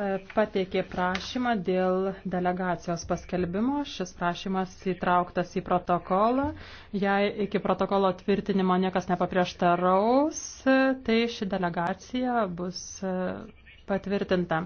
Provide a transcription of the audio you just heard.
E, pateikė prašymą dėl delegacijos paskelbimo. Šis prašymas įtrauktas į protokolą. Jei iki protokolo tvirtinimo niekas nepaprieštaraus, tai ši delegacija bus e, patvirtinta.